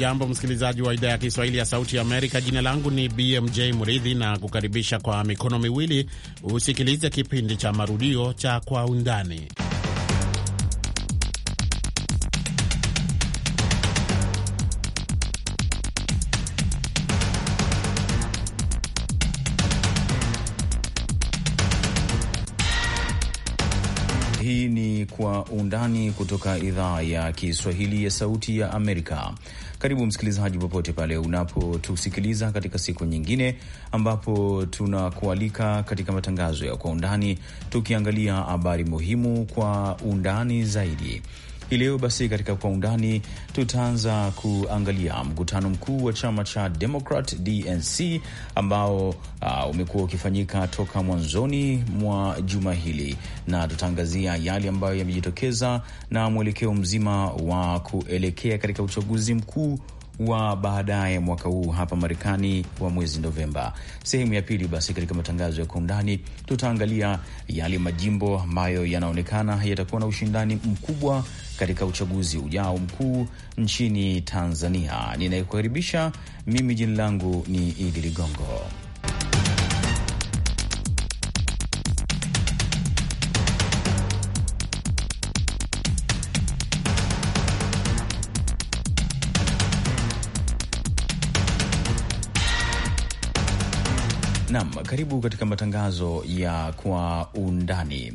Hujambo msikilizaji wa idhaa ya Kiswahili ya Sauti ya Amerika. Jina langu ni BMJ mridhi na kukaribisha kwa mikono miwili usikilize kipindi cha marudio cha Kwa Undani. Kwa Undani kutoka idhaa ya Kiswahili ya Sauti ya Amerika. Karibu msikilizaji, popote pale unapotusikiliza katika siku nyingine, ambapo tunakualika katika matangazo ya Kwa Undani, tukiangalia habari muhimu kwa undani zaidi. Hii leo basi katika kwa undani tutaanza kuangalia mkutano mkuu wa chama cha Democrat DNC ambao uh, umekuwa ukifanyika toka mwanzoni mwa juma hili, na tutaangazia yale ambayo yamejitokeza na mwelekeo mzima wa kuelekea katika uchaguzi mkuu wa baadaye mwaka huu hapa Marekani wa mwezi Novemba. Sehemu ya pili, basi katika matangazo ya kwa undani tutaangalia yale majimbo ambayo yanaonekana yatakuwa na ushindani mkubwa katika uchaguzi ujao mkuu nchini Tanzania. Ninayekukaribisha mimi, jina langu ni Idi Ligongo. Nam, karibu katika matangazo ya kwa undani.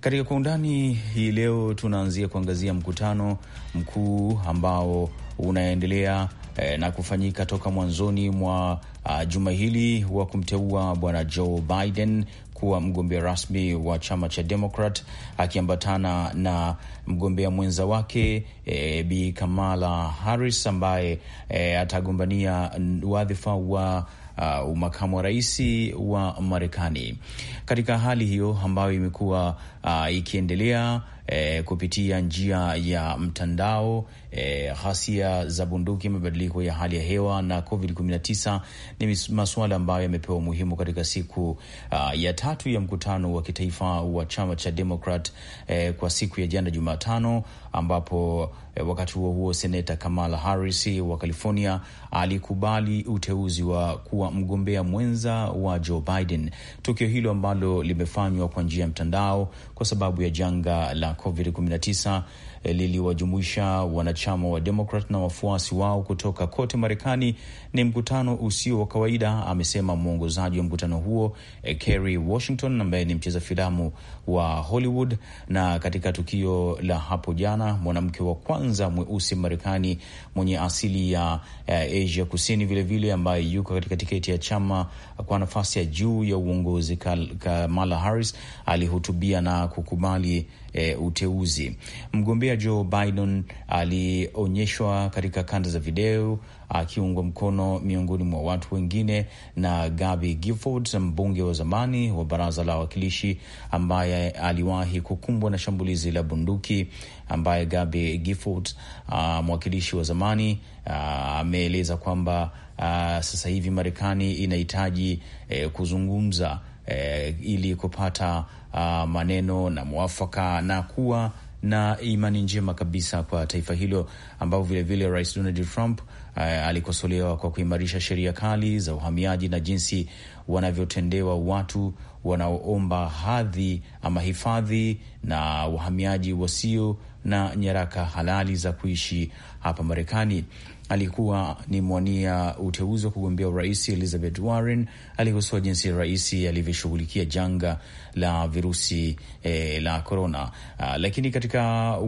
Katika kwa undani hii leo tunaanzia kuangazia mkutano mkuu ambao unaendelea eh, na kufanyika toka mwanzoni mwa uh, juma hili wa kumteua bwana Joe Biden kuwa mgombea rasmi wa chama cha Demokrat akiambatana na mgombea mwenza wake e, Bi Kamala Harris ambaye e, atagombania wadhifa wa uh, makamu wa rais wa Marekani. Katika hali hiyo ambayo imekuwa uh, ikiendelea eh, kupitia njia ya mtandao e, ghasia za bunduki, mabadiliko ya hali ya hewa na COVID-19 ni masuala ambayo yamepewa umuhimu katika siku uh, ya tatu ya mkutano wa kitaifa wa chama cha Demokrat e, eh, kwa siku ya jana Jumatano ambapo e, wakati huo huo seneta Kamala Harris wa California alikubali uteuzi wa kuwa mgombea mwenza wa Joe Biden, tukio hilo ambalo limefanywa kwa njia ya mtandao kwa sababu ya janga la COVID-19 Eh, liliwajumuisha wanachama wa Demokrat na wafuasi wao kutoka kote Marekani. Ni mkutano usio wa kawaida, amesema mwongozaji wa mkutano huo eh, Kerry Washington ambaye ni mcheza filamu wa Hollywood. Na katika tukio la hapo jana, mwanamke wa kwanza mweusi Marekani mwenye asili ya eh, Asia Kusini vilevile vile, ambaye yuko katika tiketi ya chama kwa nafasi ya juu ya uongozi Kamala Harris alihutubia na kukubali e, uteuzi. Mgombea Joe Biden alionyeshwa katika kanda za video akiungwa mkono miongoni mwa watu wengine na Gabby Giffords, mbunge wa zamani wa baraza la wawakilishi ambaye aliwahi kukumbwa na shambulizi la bunduki, ambaye Gabby Giffords ah, mwakilishi wa zamani ah, ameeleza kwamba sasahivi sasa hivi Marekani inahitaji eh, kuzungumza eh, ili kupata uh, maneno na mwafaka na kuwa na imani njema kabisa kwa taifa hilo, ambapo vilevile Rais Donald Trump uh, alikosolewa kwa kuimarisha sheria kali za uhamiaji na jinsi wanavyotendewa watu wanaoomba hadhi ama hifadhi na wahamiaji wasio na nyaraka halali za kuishi hapa Marekani alikuwa ni mwania uteuzi wa kugombea urais Elizabeth Warren alikosoa jinsi rais alivyoshughulikia janga la virusi eh, la korona. Ah, lakini katika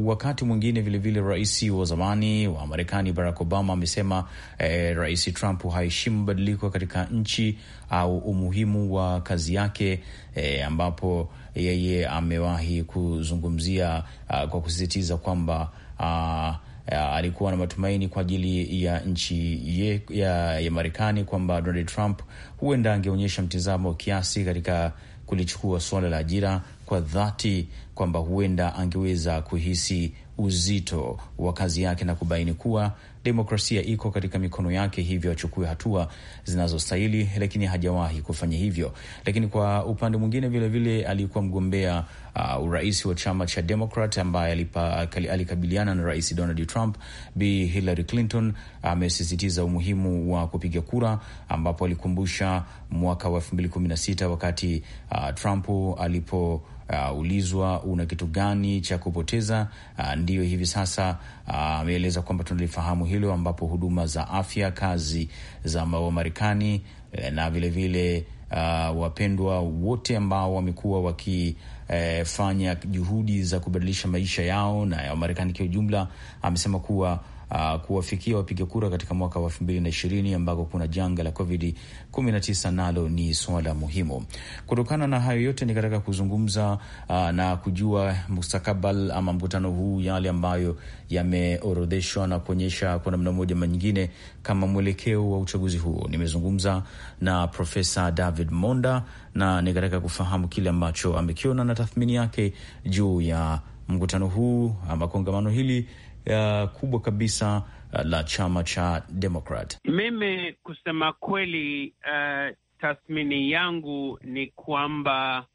wakati mwingine vilevile rais wa zamani wa Marekani Barack Obama amesema eh, rais Trump haheshimu mabadiliko katika nchi au umuhimu wa kazi yake eh, ambapo yeye amewahi kuzungumzia uh, kwa kusisitiza kwamba uh, Uh, alikuwa na matumaini kwa ajili ya nchi ye, ya, ya Marekani kwamba Donald Trump huenda angeonyesha mtizamo kiasi katika kulichukua suala la ajira kwa dhati, kwamba huenda angeweza kuhisi uzito wa kazi yake na kubaini kuwa demokrasia iko katika mikono yake, hivyo achukue hatua zinazostahili, lakini hajawahi kufanya hivyo. Lakini kwa upande mwingine vilevile alikuwa mgombea uh, urais wa chama cha demokrat ambaye alikabiliana na rais Donald Trump. Bi Hillary Clinton amesisitiza uh, umuhimu wa kupiga kura, ambapo alikumbusha mwaka wa elfu mbili kumi na sita wakati uh, Trump alipo uh, ah, ulizwa una kitu gani cha kupoteza? Uh, ndiyo hivi sasa ah, ameeleza uh, kwamba tunalifahamu hilo, ambapo huduma za afya kazi za Wamarekani uh, eh, na vilevile vile, Uh, wapendwa wote ambao wamekuwa wakifanya eh, fanya juhudi za kubadilisha maisha yao na ya Wamarekani kwa ujumla, amesema kuwa uh, kuwafikia wapiga kura katika mwaka wa 2020 ambako kuna janga la Covid 19 nalo ni swala muhimu. Kutokana na hayo yote, ni katika kuzungumza uh, na kujua mustakabal ama mkutano huu, yale ambayo yameorodheshwa na kuonyesha kwa namna moja ama nyingine kama mwelekeo wa uchaguzi huo. Nimezungumza na Profesa David Monda na nikataka kufahamu kile ambacho amekiona na tathmini yake juu ya mkutano huu ama kongamano hili uh, kubwa kabisa uh, la chama cha Democrat. Mimi kusema kweli, uh, tathmini yangu ni kwamba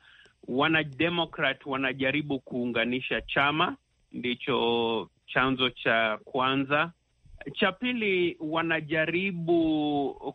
wanademokrat wanajaribu kuunganisha chama, ndicho chanzo cha kwanza. Cha pili, wanajaribu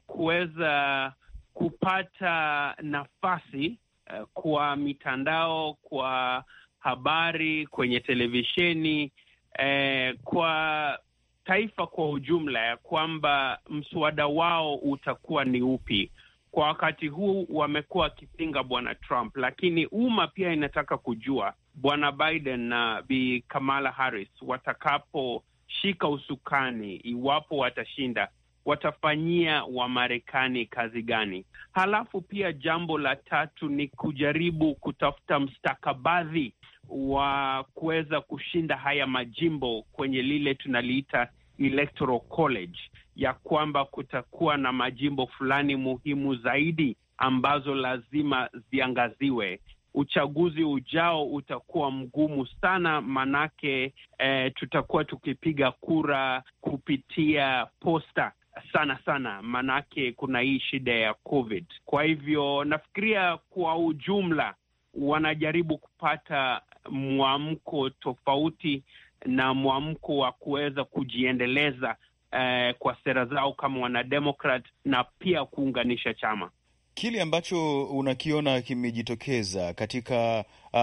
kuweza kupata nafasi uh, kwa mitandao, kwa habari, kwenye televisheni eh, kwa taifa kwa ujumla ya kwamba mswada wao utakuwa ni upi. Kwa wakati huu wamekuwa wakipinga bwana Trump, lakini umma pia inataka kujua bwana Biden na bi Kamala Harris watakaposhika usukani, iwapo watashinda, watafanyia Wamarekani kazi gani? Halafu pia jambo la tatu ni kujaribu kutafuta mstakabadhi wa kuweza kushinda haya majimbo kwenye lile tunaliita electoral college, ya kwamba kutakuwa na majimbo fulani muhimu zaidi ambazo lazima ziangaziwe. Uchaguzi ujao utakuwa mgumu sana, manake eh, tutakuwa tukipiga kura kupitia posta sana sana, manake kuna hii shida ya COVID. Kwa hivyo nafikiria kwa ujumla wanajaribu kupata mwamko tofauti na mwamko wa kuweza kujiendeleza eh, kwa sera zao kama wanademokrat na pia kuunganisha chama kile ambacho unakiona kimejitokeza katika uh,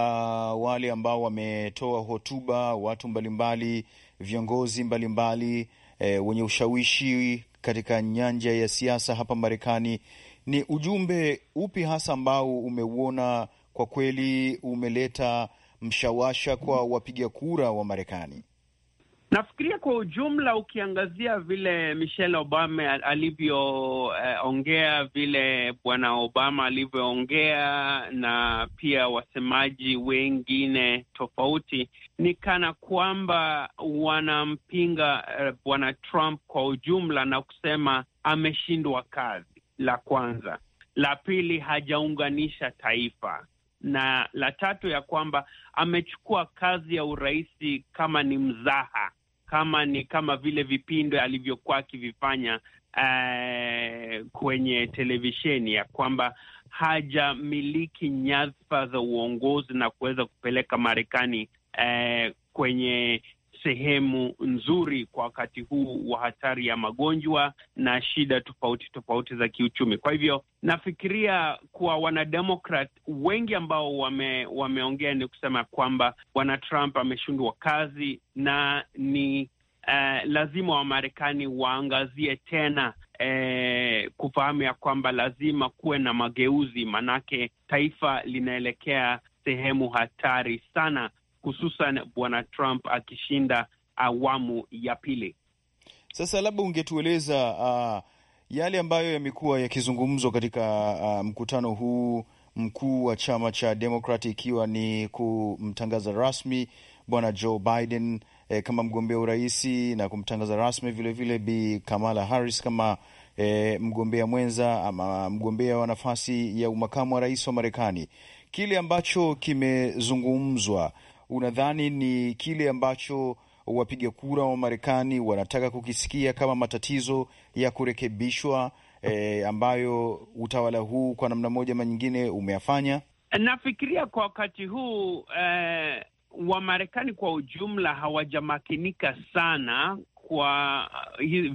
wale ambao wametoa hotuba, watu mbalimbali, viongozi mbalimbali mbali, eh, wenye ushawishi katika nyanja ya siasa hapa Marekani. Ni ujumbe upi hasa ambao umeuona kwa kweli umeleta mshawasha kwa wapiga kura wa Marekani? Nafikiria kwa ujumla, ukiangazia vile Michelle Obama alivyoongea, eh, vile bwana Obama alivyoongea na pia wasemaji wengine tofauti, ni kana kwamba wanampinga eh, bwana Trump kwa ujumla na kusema ameshindwa kazi, la kwanza. La pili, hajaunganisha taifa na la tatu ya kwamba amechukua kazi ya urais kama ni mzaha, kama ni kama vile vipindi alivyokuwa akivifanya eh, kwenye televisheni ya kwamba hajamiliki nyadhifa za uongozi na kuweza kupeleka Marekani eh, kwenye sehemu nzuri kwa wakati huu wa hatari ya magonjwa na shida tofauti tofauti za kiuchumi. Kwa hivyo nafikiria kuwa wanademokrat wengi ambao wame, wameongea ni kusema kwamba bwana Trump ameshindwa kazi na ni uh, lazima Wamarekani waangazie tena eh, kufahamu ya kwamba lazima kuwe na mageuzi, manake taifa linaelekea sehemu hatari sana hususan bwana Trump akishinda awamu ya pili. Sasa labda ungetueleza uh, yale ambayo yamekuwa yakizungumzwa katika uh, mkutano huu mkuu wa chama cha Demokrat, ikiwa ni kumtangaza rasmi bwana Joe Biden eh, kama mgombea uraisi na kumtangaza rasmi vilevile Bi Kamala Harris kama eh, mgombea mwenza ama mgombea wa nafasi ya umakamu wa rais wa Marekani. Kile ambacho kimezungumzwa unadhani ni kile ambacho wapiga kura wa Marekani wanataka kukisikia kama matatizo ya kurekebishwa e, ambayo utawala huu kwa namna moja ama nyingine umeyafanya? Nafikiria kwa wakati huu eh, Wamarekani kwa ujumla hawajamakinika sana kwa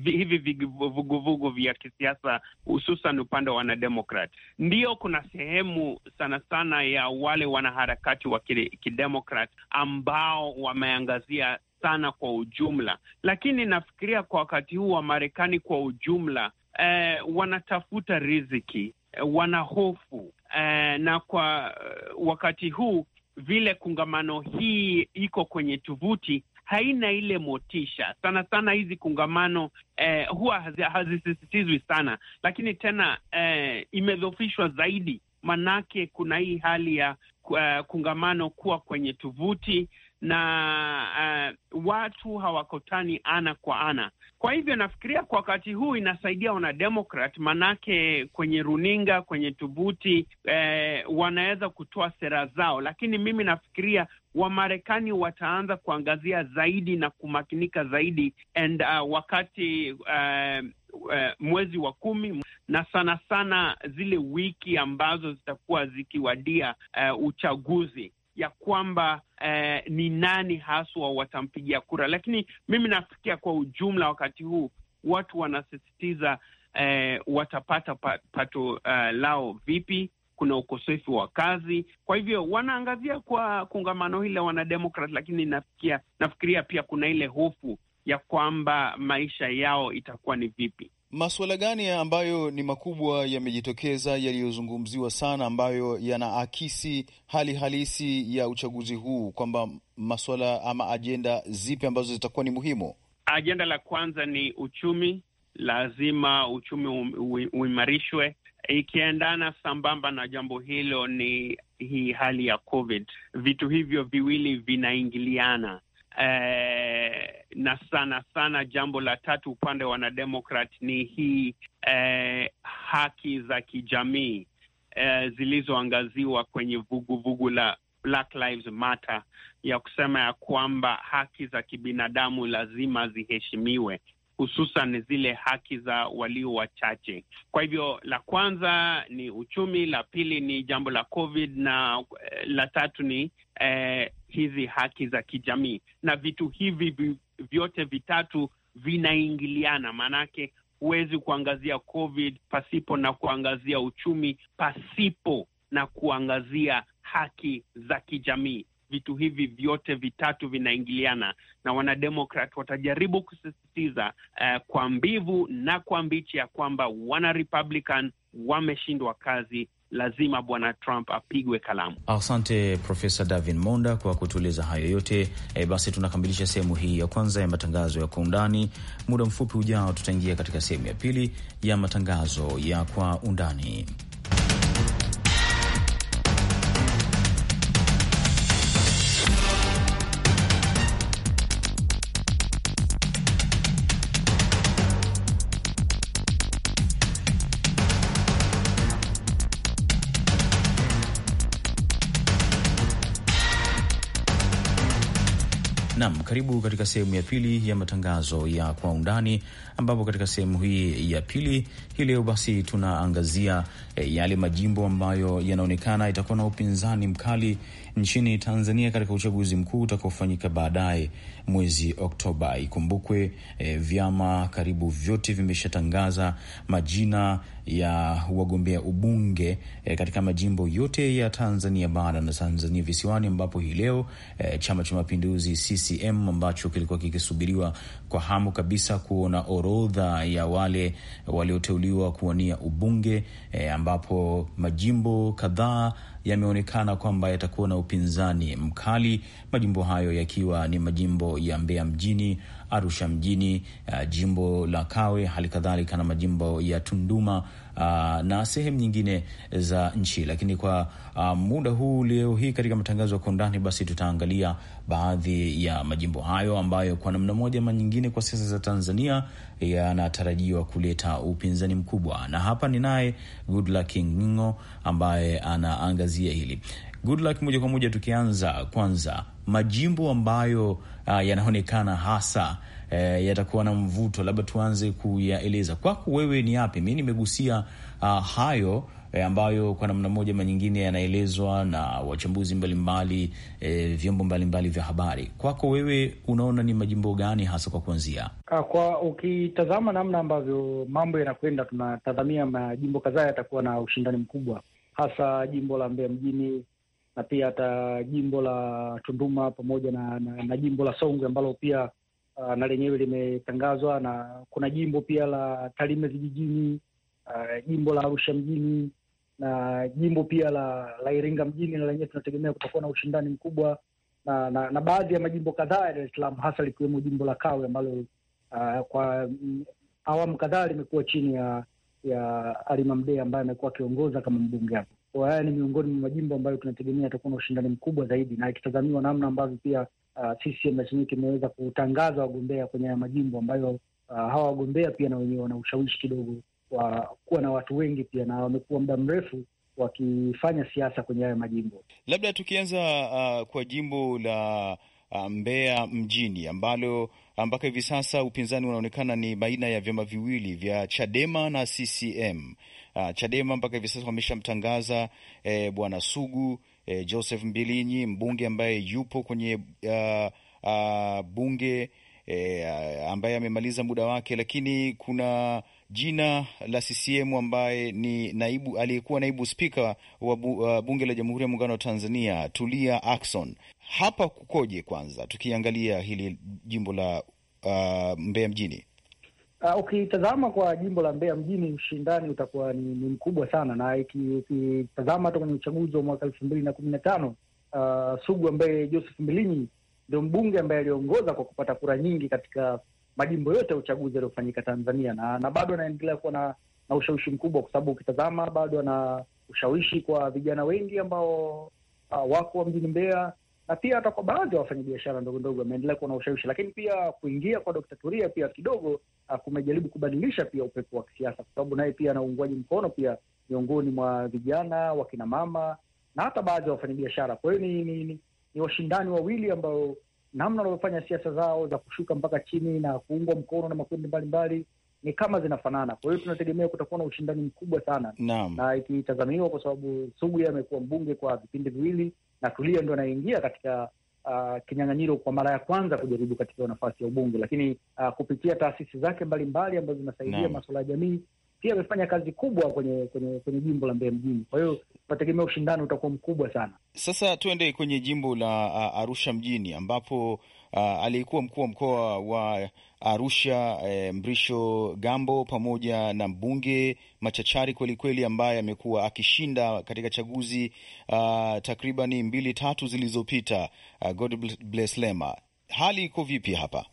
hivi vuguvugu vya kisiasa, hususan upande wa wanademokrat. ndio kuna sehemu sana sana ya wale wanaharakati wa kidemokrat ambao wameangazia sana kwa ujumla, lakini nafikiria kwa wakati huu wa Marekani kwa ujumla eh, wanatafuta riziki eh, wanahofu eh, na kwa eh, wakati huu vile kungamano hii iko kwenye tovuti haina ile motisha sana sana. Hizi kongamano eh, huwa hazisisitizwi sana, lakini tena eh, imedhofishwa zaidi, manake kuna hii hali ya uh, eh, kongamano kuwa kwenye tuvuti na uh, watu hawakutani ana kwa ana. Kwa hivyo nafikiria kwa wakati huu inasaidia wanademokrat, manake kwenye runinga, kwenye tovuti eh, wanaweza kutoa sera zao, lakini mimi nafikiria Wamarekani wataanza kuangazia zaidi na kumakinika zaidi and uh, wakati uh, uh, mwezi wa kumi na sana sana zile wiki ambazo zitakuwa zikiwadia uh, uchaguzi ya kwamba eh, ni nani haswa watampigia kura, lakini mimi nafikia kwa ujumla, wakati huu watu wanasisitiza eh, watapata pato uh, lao vipi, kuna ukosefu wa kazi. Kwa hivyo wanaangazia kwa kongamano hili la wanademokrat, lakini nafikia, nafikiria pia kuna ile hofu ya kwamba maisha yao itakuwa ni vipi. Masuala gani ambayo ni makubwa yamejitokeza yaliyozungumziwa sana ambayo yanaakisi hali halisi ya uchaguzi huu, kwamba masuala ama ajenda zipi ambazo zitakuwa ni muhimu? Ajenda la kwanza ni uchumi, lazima uchumi uimarishwe Ikiendana sambamba na jambo hilo ni hii hali ya COVID. Vitu hivyo viwili vinaingiliana. e, na sana sana jambo la tatu upande wa wanademokrat ni hii e, eh, haki za kijamii e, zilizoangaziwa kwenye vuguvugu vugu la Black Lives Matter ya kusema ya kwamba haki za kibinadamu lazima ziheshimiwe hususan zile haki za walio wachache. Kwa hivyo la kwanza ni uchumi, la pili ni jambo la COVID na eh, la tatu ni eh, hizi haki za kijamii, na vitu hivi vyote vitatu vinaingiliana, maanake huwezi kuangazia COVID pasipo na kuangazia uchumi, pasipo na kuangazia haki za kijamii vitu hivi vyote vitatu vinaingiliana, na wanademokrat watajaribu kusisitiza uh, kwa mbivu na kwa mbichi ya kwamba wana Republican wameshindwa kazi. Lazima bwana Trump apigwe kalamu. Asante Profesa Davin Monda kwa kutueleza hayo yote. E, basi tunakamilisha sehemu hii ya kwanza ya matangazo ya kwa undani. Muda mfupi ujao, tutaingia katika sehemu ya pili ya matangazo ya kwa undani. Karibu katika sehemu ya pili ya matangazo ya kwa undani, ambapo katika sehemu hii ya pili hii leo basi tunaangazia e, yale majimbo ambayo yanaonekana itakuwa na upinzani mkali nchini Tanzania katika uchaguzi mkuu utakaofanyika baadaye mwezi Oktoba. Ikumbukwe e, vyama karibu vyote vimeshatangaza majina ya wagombea ubunge e, katika majimbo yote ya Tanzania bara na Tanzania visiwani, ambapo hii leo e, Chama cha Mapinduzi CCM ambacho kilikuwa kikisubiriwa kwa hamu kabisa kuona orodha ya wale walioteuliwa kuwania ubunge e, ambapo majimbo kadhaa yameonekana kwamba yatakuwa na upinzani mkali, majimbo hayo yakiwa ni majimbo ya Mbeya mjini, Arusha mjini, uh, jimbo la Kawe, hali kadhalika na majimbo ya Tunduma uh, na sehemu nyingine za nchi. Lakini kwa uh, muda huu leo hii katika matangazo ya kwa undani, basi tutaangalia baadhi ya majimbo hayo ambayo kwa namna moja ama nyingine kwa siasa za Tanzania yanatarajiwa kuleta upinzani mkubwa, na hapa ninaye Goodluck Ngingo ambaye anaangazia hili. Goodluck, moja kwa moja tukianza kwanza majimbo ambayo uh, yanaonekana hasa eh, yatakuwa na mvuto, labda tuanze kuyaeleza kwako wewe ni yapi? Mi nimegusia uh, hayo eh, ambayo kwa namna moja ama nyingine yanaelezwa na wachambuzi mbalimbali eh, vyombo mbalimbali vya habari. Kwako wewe unaona ni majimbo gani hasa kwa kuanzia? Ah, kwa ukitazama namna ambavyo mambo yanakwenda, tunatazamia majimbo kadhaa yatakuwa na ushindani mkubwa, hasa jimbo la Mbeya mjini na pia hata jimbo la Tunduma pamoja na, na, na jimbo la Songwe ambalo pia uh, na lenyewe limetangazwa, na kuna jimbo pia la Tarime vijijini, uh, jimbo la Arusha mjini na jimbo pia la, la Iringa mjini, na lenyewe tunategemea kutakuwa na ushindani mkubwa na, na, na baadhi ya majimbo kadhaa ya Dar es Salaam hasa likiwemo jimbo la Kawe ambalo uh, kwa mm, awamu kadhaa limekuwa chini ya ya Halima Mdee ambaye amekuwa akiongoza kama mbunge hapo haya ni miongoni mwa majimbo ambayo tunategemea yatakuwa na ushindani mkubwa zaidi, na ikitazamiwa namna ambavyo pia CCM uh, kimeweza kutangaza wagombea kwenye haya majimbo ambayo uh, hawa wagombea pia na wenyewe wana ushawishi kidogo wa kuwa na watu wengi pia na wamekuwa muda mrefu wakifanya siasa kwenye haya majimbo. Labda tukianza uh, kwa jimbo la Uh, Mbeya mjini ambalo uh, mpaka hivi sasa upinzani unaonekana ni baina ya vyama viwili vya Chadema na CCM. Uh, Chadema mpaka hivi sasa wameshamtangaza eh, bwana Sugu eh, Joseph Mbilinyi, mbunge ambaye yupo kwenye uh, uh, bunge eh, ambaye amemaliza muda wake, lakini kuna jina la CCM ambaye ni naibu aliyekuwa naibu spika wa uh, bunge la Jamhuri ya Muungano wa Tanzania Tulia Ackson hapa kukoje? Kwanza tukiangalia hili jimbo la uh, Mbeya mjini uh, ukitazama okay, kwa jimbo la Mbeya mjini ushindani utakuwa ni, ni mkubwa sana, na ukitazama hata kwenye uchaguzi wa mwaka elfu mbili na kumi na tano uh, Sugu ambaye Joseph Mbilinyi ndio mbunge ambaye aliongoza kwa kupata kura nyingi katika majimbo yote ya uchaguzi yaliyofanyika Tanzania, na, na bado anaendelea kuwa na, na ushawishi mkubwa, kwa sababu ukitazama bado ana ushawishi kwa vijana wengi ambao uh, wako mjini Mbeya na pia hata kwa baadhi ya wafanyabiashara ndogo ndogo wameendelea kuwa na ushawishi, lakini pia kuingia kwa Dkt. Turia pia kidogo ah, kumejaribu kubadilisha pia upepo wa kisiasa, kwa sababu naye pia ana uungwaji mkono pia miongoni mwa vijana, wakina mama na hata baadhi ya wafanyabiashara. Kwa hiyo ni, ni, ni, ni washindani wawili ambao namna wanavyofanya siasa zao za kushuka mpaka chini na kuungwa mkono na makundi mbalimbali ni kama zinafanana. Kwa hiyo tunategemea kutakuwa na ushindani mkubwa sana Naam. na ikitazamiwa kwa sababu Sugu amekuwa mbunge kwa vipindi viwili na Tulia ndo anaingia katika uh, kinyang'anyiro kwa mara ya kwanza kujaribu katika nafasi ya ubunge, lakini uh, kupitia taasisi zake mbalimbali ambazo zinasaidia masuala ya jamii pia amefanya kazi kubwa kwenye kwenye kwenye jimbo la Mbeya mjini. Kwa hiyo tunategemea ushindani utakuwa mkubwa sana. Sasa tuende kwenye jimbo la uh, Arusha mjini ambapo uh, aliyekuwa mkuu wa mkoa wa Arusha eh, Mrisho Gambo pamoja na mbunge machachari kwelikweli ambaye amekuwa akishinda katika chaguzi uh, takribani mbili tatu zilizopita uh, God bless Lema, hali iko vipi hapa?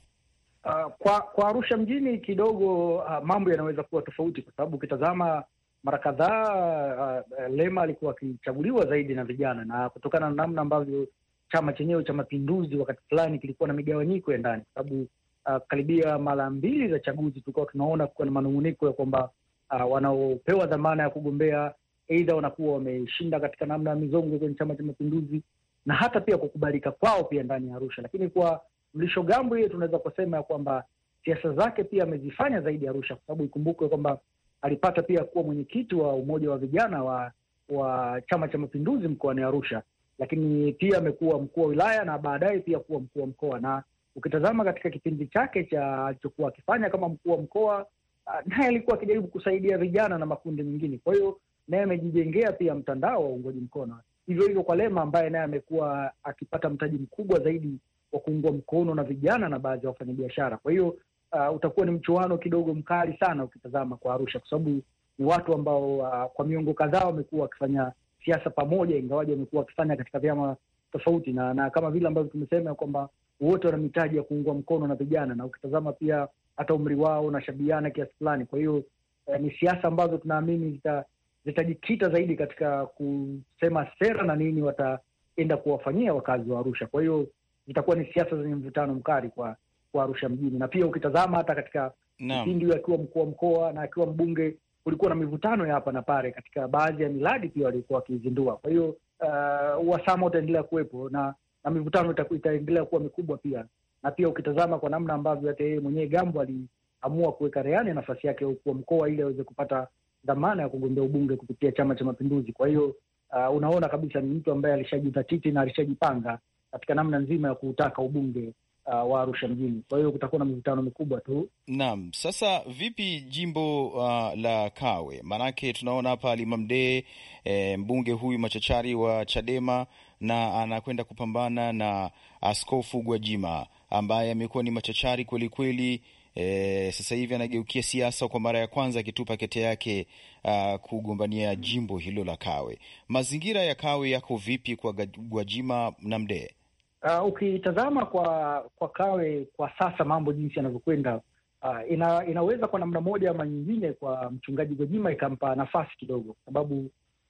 Uh, kwa kwa Arusha mjini kidogo uh, mambo yanaweza kuwa tofauti kwa sababu ukitazama mara kadhaa uh, Lema alikuwa akichaguliwa zaidi na vijana, na kutokana na namna ambavyo chama chenyewe cha Mapinduzi wakati fulani kilikuwa na migawanyiko ya ndani, kwa sababu uh, karibia mara mbili za chaguzi tulikuwa tunaona kuwa na manunguniko ya kwamba uh, wanaopewa dhamana ya kugombea aidha wanakuwa wameshinda katika namna ya mizongo kwenye chama cha Mapinduzi na hata pia kukubalika kwao pia ndani ya Arusha, lakini kwa gambo hiye tunaweza kusema ya kwamba siasa zake pia amezifanya zaidi Arusha, kwa sababu ikumbukwe kwamba alipata pia kuwa mwenyekiti wa umoja wa vijana wa wa Chama cha Mapinduzi mkoani Arusha, lakini pia amekuwa mkuu wa wilaya na baadaye pia kuwa mkuu wa mkoa. Na ukitazama katika kipindi chake cha alichokuwa akifanya kama mkuu wa mkoa, uh, naye alikuwa akijaribu kusaidia vijana na makundi mengine. Kwa hiyo naye amejijengea pia mtandao wa uungaji mkono, hivyo hivyo kwa Lema ambaye naye amekuwa akipata mtaji mkubwa zaidi wa kuungwa mkono na vijana na baadhi ya wafanyabiashara. Kwa hiyo uh, utakuwa ni mchuano kidogo mkali sana ukitazama kwa Arusha, kwa sababu ni watu ambao uh, kwa miongo kadhaa wamekuwa wakifanya siasa pamoja, ingawaji wamekuwa wakifanya katika vyama tofauti, na na kama vile ambavyo tumesema kwamba wote wana mitaji ya kuungwa mkono na vijana, na ukitazama pia hata umri wao unashabiana kiasi fulani. Kwa hiyo eh, ni siasa ambazo tunaamini zita zitajikita zaidi katika kusema sera na nini wataenda kuwafanyia wakazi wa Arusha. Kwa hiyo zitakuwa ni siasa zenye mvutano mkali kwa kwa Arusha mjini, na pia ukitazama hata katika kipindi no. akiwa mkuu wa mkoa na akiwa mbunge kulikuwa na mivutano ya hapa na pale katika baadhi ya miradi pia walikuwa wakiizindua. Kwa hiyo uh, uhasama utaendelea kuwepo na na mivutano itaendelea kuwa mikubwa pia, na pia ukitazama kwa namna ambavyo hata yeye mwenyewe Gambo aliamua kuweka rehani nafasi yake ya ukuu wa mkoa ili aweze kupata dhamana ya kugombea ubunge kupitia Chama cha Mapinduzi. Kwa hiyo uh, unaona kabisa ni mtu ambaye alishajizatiti na alishajipanga katika namna nzima ya kuutaka ubunge uh, wa Arusha mjini. Kwa hiyo kutakuwa na mivutano mikubwa tu. Naam, sasa vipi jimbo uh, la Kawe? Maanake tunaona hapa Limamdee eh, mbunge huyu machachari wa Chadema na anakwenda kupambana na Askofu Gwajima ambaye amekuwa ni machachari kwelikweli. E, eh, sasa hivi anageukia siasa kwa mara ya kwanza akitupa kete yake uh, kugombania jimbo hilo la Kawe. Mazingira ya Kawe yako vipi kwa Gwajima na Mdee? Uh, ukitazama kwa kwa Kawe kwa sasa mambo jinsi yanavyokwenda, uh, ina, inaweza kwa namna moja ama nyingine kwa mchungaji Gwajima ikampa nafasi kidogo, sababu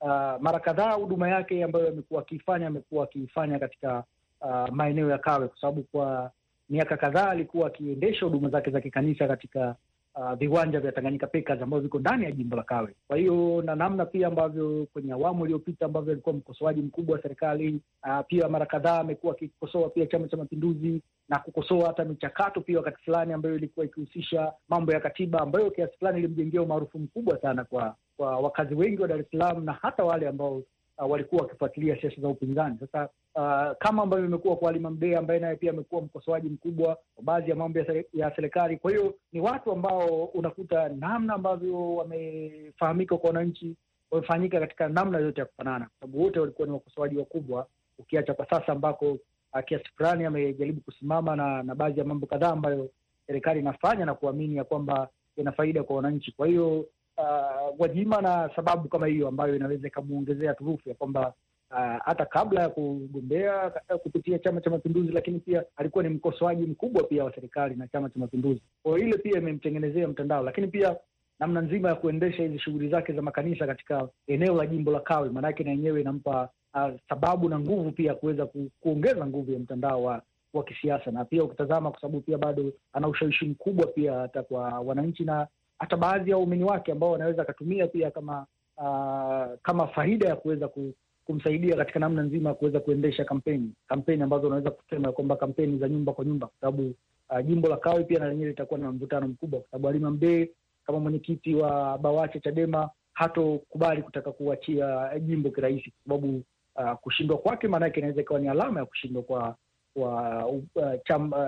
uh, mara kadhaa huduma yake ambayo amekuwa akiifanya amekuwa akiifanya katika uh, maeneo ya Kawe, kwa sababu kwa miaka kadhaa alikuwa akiendesha huduma zake za kikanisa katika uh, viwanja vya Tanganyika Packers ambavyo viko ndani ya jimbo la Kawe. Kwa hiyo na namna pia ambavyo kwenye awamu iliyopita ambavyo alikuwa mkosoaji mkubwa wa serikali uh, pia mara kadhaa amekuwa akikosoa pia Chama cha Mapinduzi na kukosoa hata michakato pia wakati fulani ambayo ilikuwa ikihusisha mambo ya katiba ambayo kiasi fulani ilimjengea umaarufu mkubwa sana kwa kwa wakazi wengi wa Dar es Salaam na hata wale ambao uh, walikuwa wakifuatilia siasa za upinzani. Sasa uh, kama ambavyo imekuwa kwa Halima Mdee ambaye naye pia amekuwa mkosoaji mkubwa wa baadhi ya mambo ya serikali. Kwa hiyo ni watu ambao unakuta namna ambavyo wamefahamika kwa wananchi wamefanyika katika namna yote ya kufanana, kwa sababu wote walikuwa ni wakosoaji wakubwa, ukiacha kwa sasa ambako uh, kiasi fulani amejaribu kusimama na, na baadhi ya mambo kadhaa ambayo serikali inafanya na kuamini ya kwamba ina faida kwa wananchi. Kwa hiyo uh, Gwajima na sababu kama hiyo ambayo inaweza ikamwongezea turufu ya kwamba uh, hata uh, kabla ya kugombea uh, kupitia Chama cha Mapinduzi, lakini pia alikuwa ni mkosoaji mkubwa pia wa serikali na Chama cha Mapinduzi. Kwa hiyo ile pia imemtengenezea mtandao, lakini pia namna nzima ya kuendesha hizi shughuli zake za makanisa katika eneo la jimbo la Kawe, maanake na yenyewe inampa uh, sababu na nguvu pia kuweza ku, kuongeza nguvu ya mtandao wa wa kisiasa na pia ukitazama, kwa sababu pia bado ana ushawishi mkubwa pia hata kwa wananchi na hata baadhi ya waumini wake ambao wanaweza akatumia pia kama uh, kama faida ya kuweza ku, kumsaidia katika namna nzima ya kuweza kuendesha kampeni kampeni ambazo unaweza kusema kwamba kampeni za nyumba kwa nyumba, kwa sababu uh, jimbo la Kawe pia na lenyewe litakuwa na mvutano mkubwa, kwa sababu Halima Mdee kama mwenyekiti wa BAWACHA CHADEMA hatokubali kutaka kuachia eh, jimbo kirahisi, kwa sababu uh, kushindwa kwake maanake inaweza ikawa ni alama ya kushindwa kwa kwa uh, uh,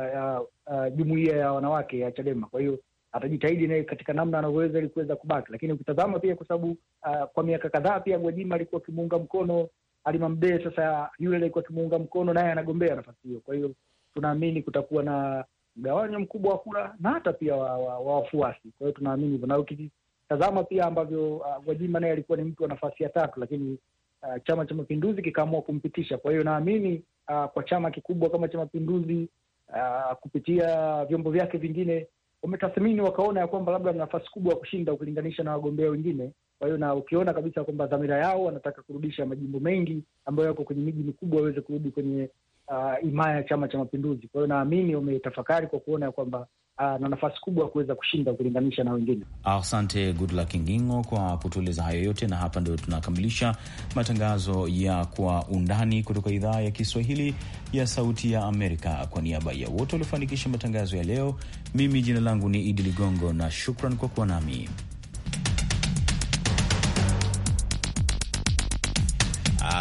uh, jumuiya ya wanawake ya CHADEMA. Kwa hiyo atajitahidi naye katika namna anavyoweza ili kuweza kubaki. Lakini ukitazama pia kwa sababu uh, kwa miaka kadhaa pia Gwajima alikuwa akimuunga mkono Halima Mdee. Sasa yule alikuwa akimuunga mkono naye anagombea nafasi hiyo, kwa hiyo tunaamini kutakuwa na mgawanyo mkubwa wa kura na hata pia wa, wa, wa wafuasi. Kwa hiyo tunaamini hivyo, na ukitazama pia ambavyo uh, Gwajima naye alikuwa ni mtu wa nafasi ya tatu, lakini uh, Chama cha Mapinduzi kikaamua kumpitisha. Kwa hiyo naamini uh, kwa chama kikubwa kama cha Mapinduzi uh, kupitia vyombo vyake vingine wametathmini wakaona ya kwamba labda na nafasi kubwa ya kushinda ukilinganisha na wagombea wengine. Kwa hiyo na ukiona kabisa kwamba dhamira yao wanataka kurudisha majimbo mengi ambayo yako kwenye miji mikubwa waweze kurudi kwenye uh, himaya ya Chama cha Mapinduzi. Kwa hiyo naamini umetafakari kwa kuona kwamba uh, na nafasi kubwa ya kuweza kushinda ukilinganisha na wengine. Asante Good Ngingo kwa kutueleza hayo yote, na hapa ndio tunakamilisha matangazo ya Kwa Undani kutoka idhaa ya Kiswahili ya Sauti ya Amerika. Kwa niaba ya wote waliofanikisha matangazo ya leo, mimi jina langu ni Idi Ligongo na shukran kwa kuwa nami.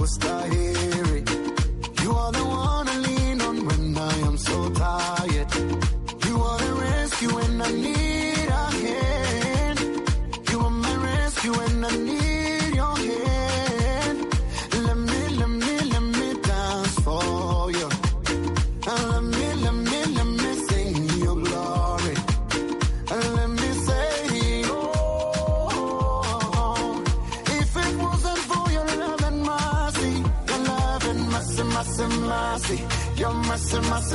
we gusta ir.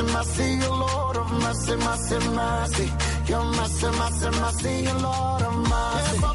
mercy, mercy, your Lord of mercy, mercy, mercy. Your mercy, mercy, mercy, your Lord of mercy.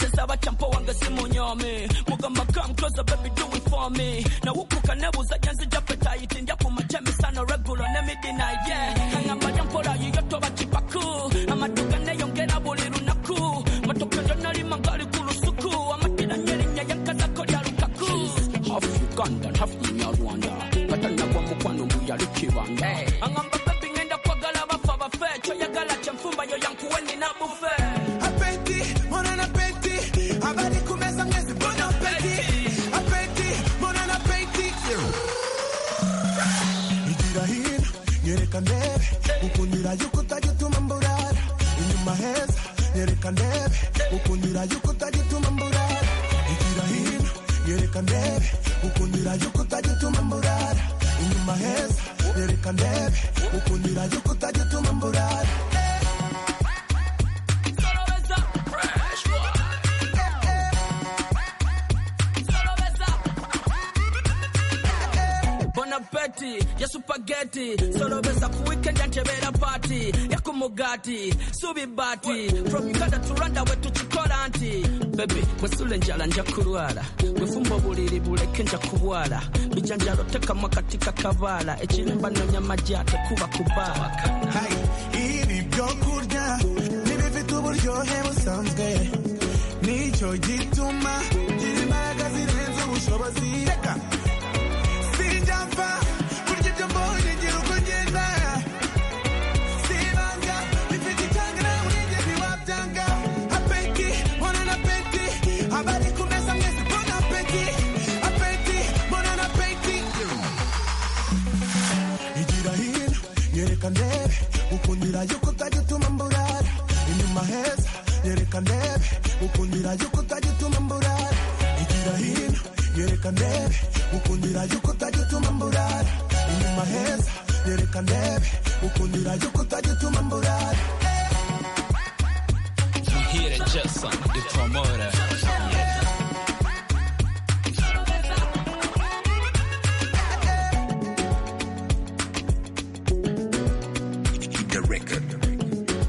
Cause abachampa wange simunyome Mugamba come closer baby do it for me Na wukuka nebuza jansi japetaiti Njapu machemi sano regular nemidina yeah Kangamba jampola yiyo toba chipaku Amadu kule njala nja kulwala mifumbo buliri buleke nja kubwala bijanjalo tekamu akati kakabaala ekirimba nonya majja tekuba kubaala ibi byokurya nibifite uburyohe busanzwe nicyo gituma gira imbaraga zirenze ubushobozi reka ukundira yuko utajituma mburara inyuma heza yereka ndebe ukundira yuko utajituma mburara igira hino yereka ndebe ukundira yuko utajituma mburara inyuma heza yereka ndebe ukundira yuko utajituma